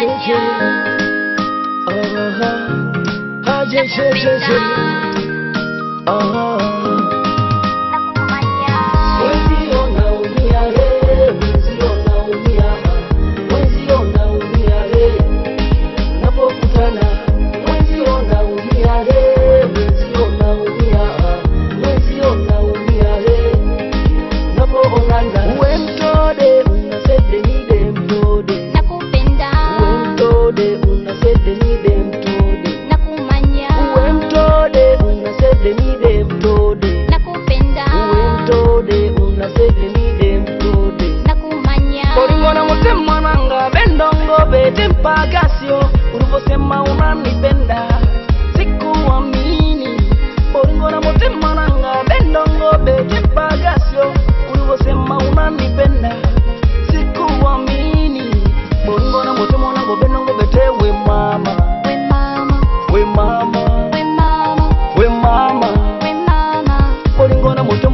谢谢啊啊啊！谢谢谢谢啊！nisemide mtode nakupenda uwe mtode unasemide mtode nakumanya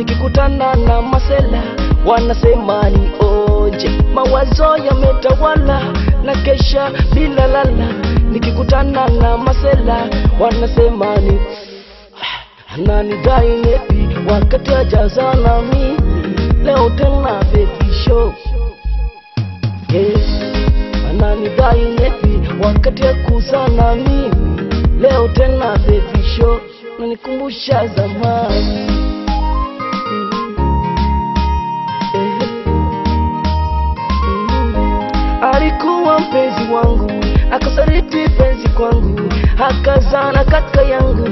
nikikutana na masela wanasema ni oje, mawazo yametawala na kesha bila lala. Nikikutana na masela wanasema ni ananidai nepi, wakati hajazana mimi leo tena baby show yes. Ananidai nepi, wakati hakuzana mimi leo tena baby show, nanikumbusha zamani akazana kaka yangu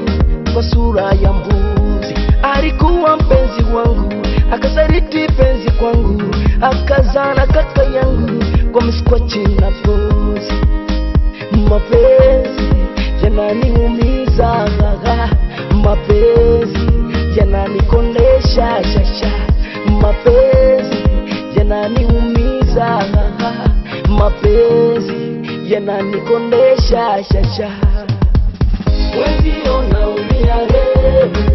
kwa sura ya mbuzi. Alikuwa mpenzi wangu, akasaliti penzi kwangu, akazana kaka yangu kwa msikwachi na pozi. Mapenzi yananiumiza, mapenzi yananikondesha shasha, mapenzi yananiumiza, mapenzi yananikonde shashasha Wezi wanaumia leo